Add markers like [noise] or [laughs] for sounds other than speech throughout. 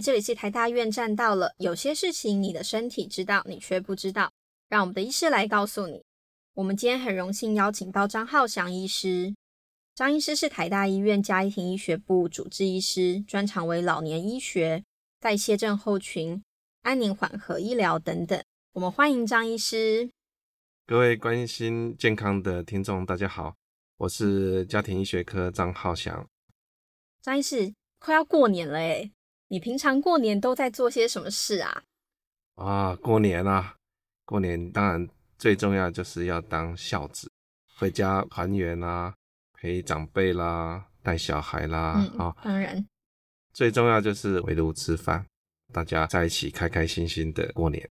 這裡是台大醫院站到了。有些事情你的身體知道，你卻不知道，讓我們的醫師來告訴你。我們今天很榮幸邀請到張皓翔醫師。張醫師是台大醫院家庭醫學部主治醫師，專長為老年醫學、代謝症候群、安寧緩和醫療等等。我們歡迎張醫師。各位關心健康的聽眾，大家好，我是家庭醫學科張皓翔。張醫師，快要過年了哎。你平常過年都在做些什麼事啊？啊，過年啊，過年當然最重要就是要當孝子，回家團圓啦，陪長輩啦，帶小孩啦，啊、嗯，當然、啊，最重要就是圍爐吃飯，大家在一起開開心心的過年。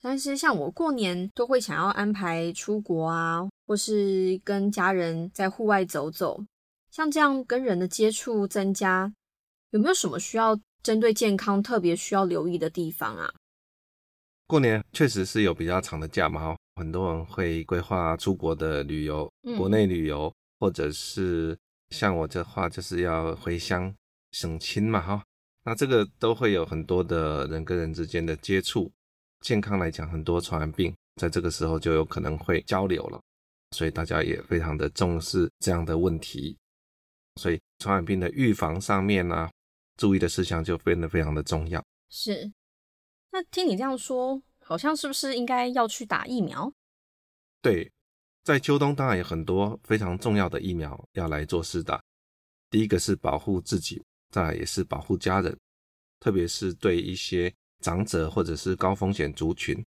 但是像我過年都會想要安排出國啊，或是跟家人在戶外走走，像這樣跟人的接觸增加，有沒有什麼需要針對健康特別需要留意的地方啊？過年確實是有比較長的假嘛，哈，很多人會規劃出國的旅遊、國內旅遊，或者是像我的話，就是要回鄉省親嘛，哈，那這個都會有很多的人跟人之間的接觸，健康來講，很多傳染病在這個時候就有可能會交流了，所以大家也非常的重視這樣的問題，所以傳染病的預防上面呢、啊。注意的事項就變得非常的重要。是，那聽你這樣說，好像是不是應該要去打疫苗？對，在秋冬當然有很多非常重要的疫苗要來做施打。第一個是保護自己，再也是保護家人，特別是對一些長者或者是高風險族群。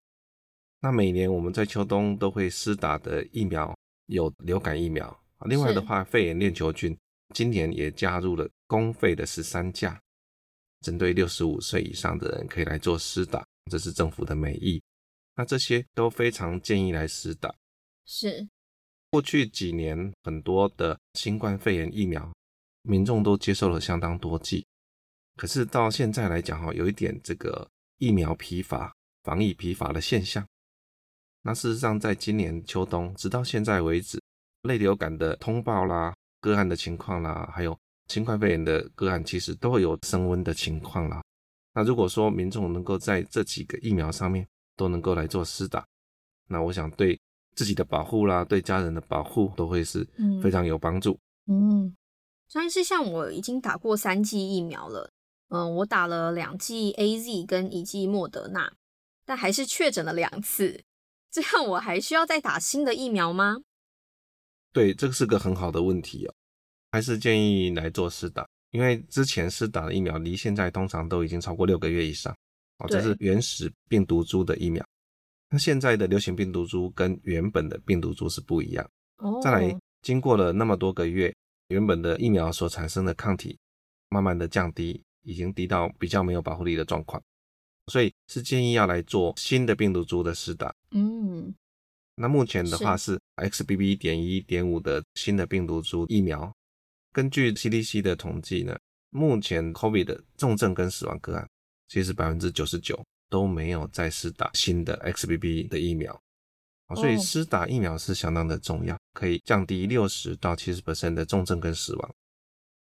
那每年我們在秋冬都會施打的疫苗有流感疫苗，另外的話，肺炎鏈球菌今年也加入了公費的十三價。針對六十五歲以上的人可以來做施打，這是政府的美意。那這些都非常建議來施打。是，過去幾年很多的新冠肺炎疫苗，民眾都接受了相當多劑。可是到現在來講，哈，有一點這個疫苗疲乏、防疫疲乏的現象。那事實上，在今年秋冬，直到現在為止，類流感的通報啦、個案的情況啦，還有。新冠肺炎的個案其實都會有升溫的情況啦。那如果說民眾能夠在這幾個疫苗上面都能夠來做施打，那我想對自己的保護啦，對家人的保護都會是非常有幫助。嗯，嗯，雖然是像我已經打過三劑疫苗了，嗯，我打了兩劑 AZ 跟一劑莫德納，但還是確診了兩次，這樣我還需要再打新的疫苗嗎？對，這個是個很好的問題哦。還是建議來做施打，因為之前施打的疫苗離現在通常都已經超過六個月以上，哦，這是原始病毒株的疫苗。那現在的流行病毒株跟原本的病毒株是不一樣。哦。再來，經過了那麼多個月，原本的疫苗所產生的抗體慢慢的降低，已經低到比較沒有保護力的狀況，所以是建議要來做新的病毒株的施打。嗯。那目前的話是 XBB.1.5 的新的病毒株疫苗。根據 CDC 的統計呢，目前 COVID 的重症跟死亡個案，其實百分之九十九都沒有再施打新的 XBB 的疫苗。哦哦，所以施打疫苗是相當的重要，可以降低六十到七十%的重症跟死亡，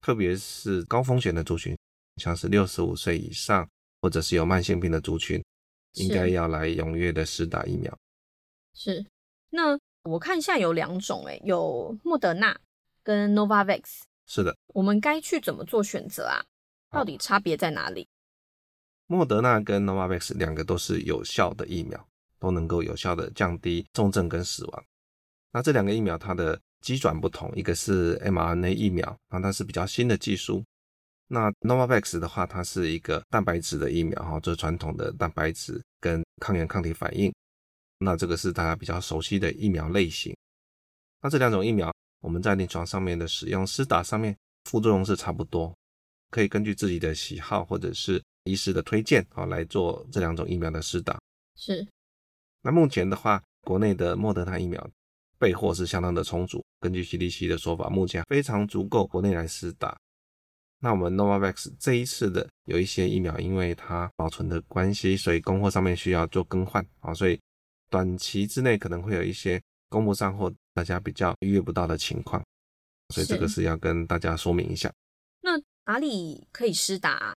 特別是高風險的族群，像是六十五歲以上，或者是有慢性病的族群，應該要來踴躍的施打疫苗。是，是，那我看一下，有兩種、欸，哎，有莫德納跟 Novavax。是的，我們該去怎麼做選擇啊？到底差別在哪裡？莫德納跟 Novavax 兩個都是有效的疫苗，都能夠有效的降低重症跟死亡。那這兩個疫苗它的機轉不同，一個是 mRNA 疫苗，那它是比較新的技術。那 Novavax 的話，它是一個蛋白質的疫苗，哈，就是傳統的蛋白質跟抗原抗體反應。那這個是大家比較熟悉的疫苗類型。那這兩種疫苗，我們在臨床上面的使用、施打上面，副作用是差不多，可以根據自己的喜好或者是醫師的推薦啊來做這兩種疫苗的施打。是。那目前的話，國內的莫德納疫苗備貨是相當的充足，根據 CDC 的說法，目前非常足夠國內來施打。那我們 Novavax 這一次的有一些疫苗，因為它保存的關係，所以供貨上面需要做更換啊，所以短期之內可能會有一些。供不上，或大家比較預約不到的情況，所以這個是要跟大家說明一下。那哪裡可以施打、啊？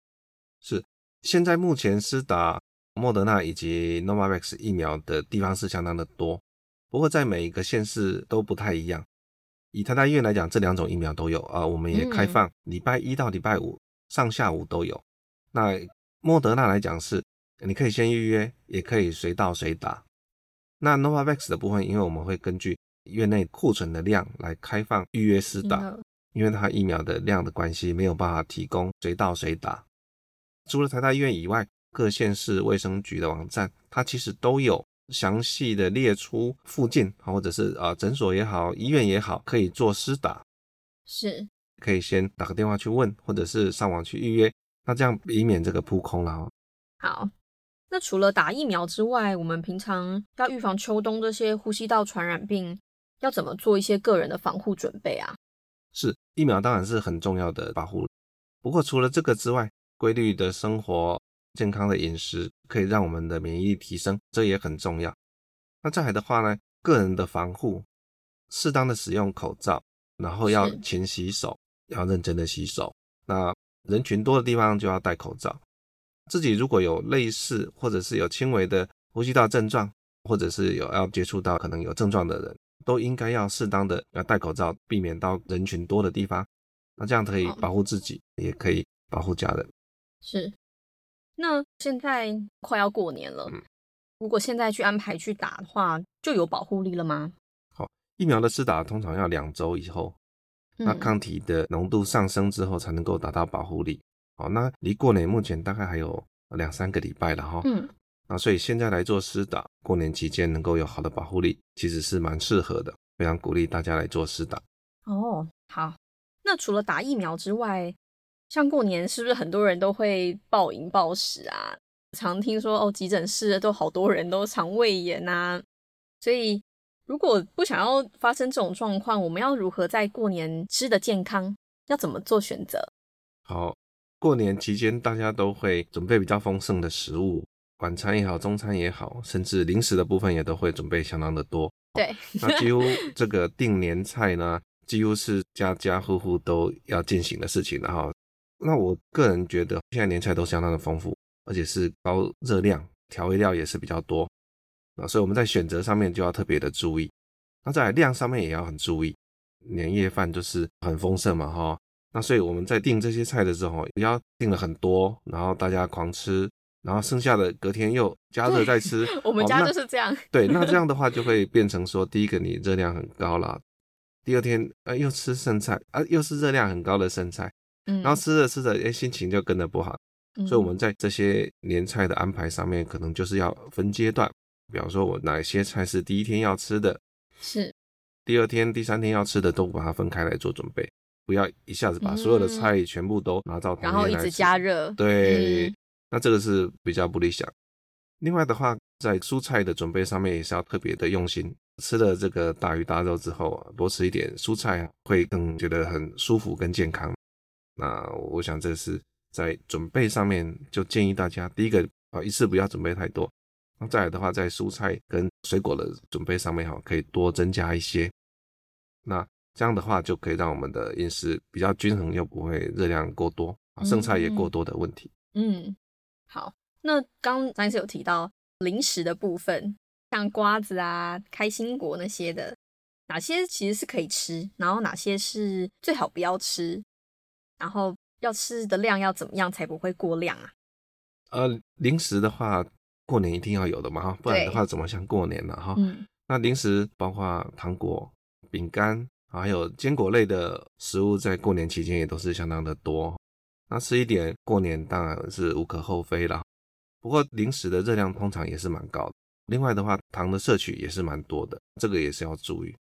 是現在目前施打莫德納以及 Novavax 疫苗，的地方是相當的多，不過在每一個縣市都不太一樣。以台大醫院來講，這兩種疫苗都有啊、呃，我們也開放禮拜一到禮拜五、嗯、上下午都有。那莫德納來講是你可以先預約，也可以隨到隨打。那 Novavax 的部分，因為我們會根據院內庫存的量來開放預約施打，因為它疫苗的量的關係，沒有辦法提供隨到隨打。除了台大醫院以外，各縣市衛生局的網站，它其實都有詳細的列出附近啊，或者是啊診所也好，醫院也好，可以做施打，是，可以先打個電話去問，或者是上網去預約，那這樣以免這個撲空了哦。好。那除了打疫苗之外，我們平常要預防秋冬這些呼吸道傳染病，要怎麼做一些個人的防護準備啊？是，疫苗當然是很重要的防護。不過除了這個之外，規律的生活、健康的飲食可以讓我們的免疫力提升，這也很重要。那再來的話呢，個人的防護，適當的使用口罩，然後要勤洗手，要認真的洗手。那人群多的地方就要戴口罩。自己如果有類似，或者是有輕微的呼吸道症狀，或者是有要接觸到可能有症狀的人，都應該要適當的要戴口罩，避免到人群多的地方。那這樣可以保護自己、哦，也可以保護家人。是。那現在快要過年了、嗯，如果現在去安排去打的話，就有保護力了嗎？好，疫苗的施打通常要兩周以後，那抗體的濃度上升之後，才能夠達到保護力。好，那離過年目前大概還有兩三個禮拜了哈，嗯，那所以現在來做施打，過年期間能夠有好的保護力，其實是蠻適合的，非常鼓勵大家來做施打。哦，好，那除了打疫苗之外，像過年是不是很多人都會暴飲暴食啊？常聽說哦，急診室都好多人都腸胃炎吶、啊，所以如果不想要發生這種狀況，我們要如何在過年吃得健康？要怎麼做選擇？好。過年期間，大家都會準備比較豐盛的食物，晚餐也好，中餐也好，甚至零食的部分也都會準備相當的多。對， [laughs] 那幾乎這個訂年菜呢，幾乎是家家戶戶都要進行的事情了哈。那我個人覺得，現在年菜都相當的豐富，而且是高熱量，調味料也是比較多。啊，所以我們在選擇上面就要特別的注意，那在量上面也要很注意。年夜飯就是很豐盛嘛哈。那所以我們在訂這些菜的時候，要訂了很多，然後大家狂吃，然後剩下的隔天又加熱再吃。哦，我們家就是這樣。對，那這樣的話就會變成說， [laughs] 第一個你熱量很高了，第二天、呃、又吃剩菜，啊、呃、又是熱量很高的剩菜，嗯、然後吃着吃着誒心情就跟着不好。嗯，所以我們在這些年菜的安排上面，可能就是要分階段，比方說我哪些菜是第一天要吃的是，第二天、第三天要吃的都把它分開來做準備。不要一下子把所有的菜全部都拿到、嗯、然後一直加熱。對，嗯，那這個是比較不理想。另外的話，在蔬菜的準備上面也是要特別的用心。吃了這個大魚大肉之後啊，多吃一點蔬菜會更覺得很舒服跟健康。那我想這是在準備上面就建議大家，第一個啊，一次不要準備太多。那再來的話，在蔬菜跟水果的準備上面哈，可以多增加一些。那。這樣的話就可以讓我們的飲食比較均衡，又不會熱量過多，嗯、剩菜也過多的問題。嗯，嗯，好。那剛剛是有提到零食的部分，像瓜子啊、開心果那些的，哪些其實是可以吃，然後哪些是最好不要吃？然後要吃的量要怎麼樣才不會過量啊？呃，零食的話，過年一定要有的嘛哈，不然的話怎麼像過年了，啊哈？那零食包括糖果、餅乾。還有堅果類的食物，在過年期間也都是相當的多。那吃一點過年當然是無可厚非啦，不過零食的熱量通常也是蠻高的，另外的話糖的攝取也是蠻多的，這個也是要注意。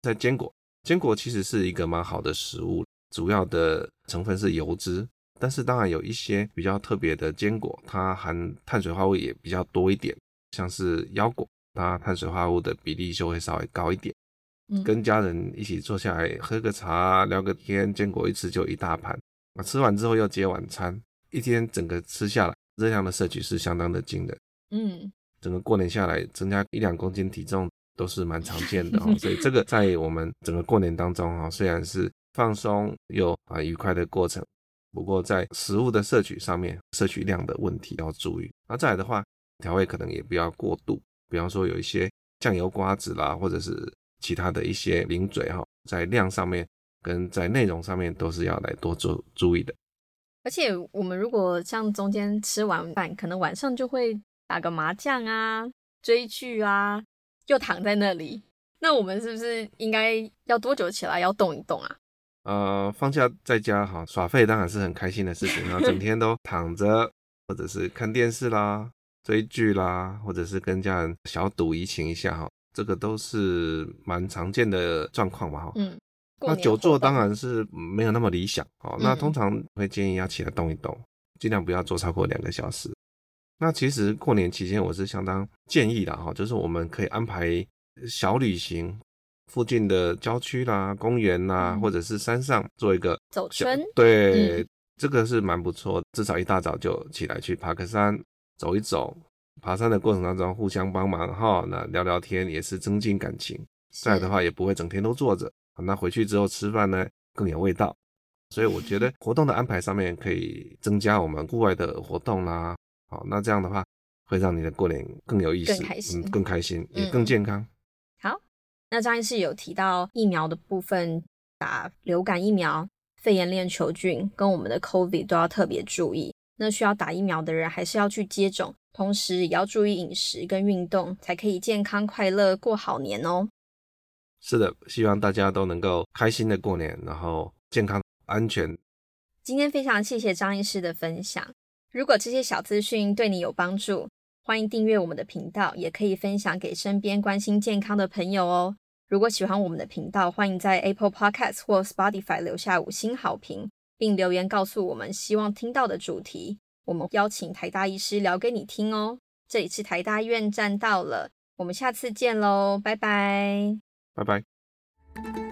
在堅果，堅果其實是一個蠻好的食物，主要的成分是油脂，但是當然有一些比較特別的堅果，它含碳水化合物也比較多一點，像是腰果，它碳水化合物的比例就會稍微高一點。跟家人一起坐下來喝個茶聊個天，堅果一吃就一大盤啊，吃完之後又接晚餐，一天整個吃下來熱量的攝取是相當的驚人。嗯，整個過年下來增加一兩公斤體重都是蠻常見的哦，所以這個在我們整個過年當中啊，雖然是放鬆又啊愉快的過程，不過在食物的攝取上面，攝取量的問題要注意啊。那再來的話，調味可能也不要過度，比方說有一些醬油、瓜子啦，或者是。其他的一些零嘴哈，在量上面跟在內容上面都是要來多做注意的。而且我們如果像中間吃完飯，可能晚上就會打個麻將啊、追劇啊，又躺在那裡，那我們是不是應該要多久起來要動一動啊？呃，放假在家哈，耍廢當然是很開心的事情啊， [laughs] 那整天都躺着或者是看電視啦、追劇啦，或者是跟家人小賭怡情一下哈。這個都是蠻常見的狀況嘛哈，嗯，那久坐當然是沒有那麼理想哦。那通常會建議要起來動一動，盡量不要坐超過兩個小時。那其實過年期間我是相當建議的哈，就是我們可以安排小旅行，附近的郊區啦、公園啦，或者是山上做一個走圈。對，這個是蠻不錯的，至少一大早就起來去爬個山走一走。爬山的過程當中互相幫忙哈，那聊聊天也是增進感情。再來的話也不會整天都坐着，那回去之後吃飯呢更有味道。所以我覺得活動的安排上面可以增加我們戶外的活動啦。好，那這樣的話會讓你的過年更有意思、更開心，嗯、更開心、嗯、也更健康。好，那張醫師有提到疫苗的部分，打流感疫苗、肺炎鏈球菌跟我們的 COVID 都要特別注意。那需要打疫苗的人還是要去接種。同時也要注意飲食跟運動，才可以健康快樂過好年哦。是的，希望大家都能夠開心的過年，然後健康安全。今天非常謝謝張醫師的分享。如果這些小資訊對你有幫助，歡迎訂閱我們的頻道，也可以分享給身邊關心健康的朋友哦。如果喜歡我們的頻道，歡迎在 Apple Podcast 或 Spotify 留下五星好評，並留言告訴我們希望聽到的主題。我們邀請台大醫師聊給你聽哦。這一次台大醫院站到了，我們下次見嘍，拜拜，拜拜。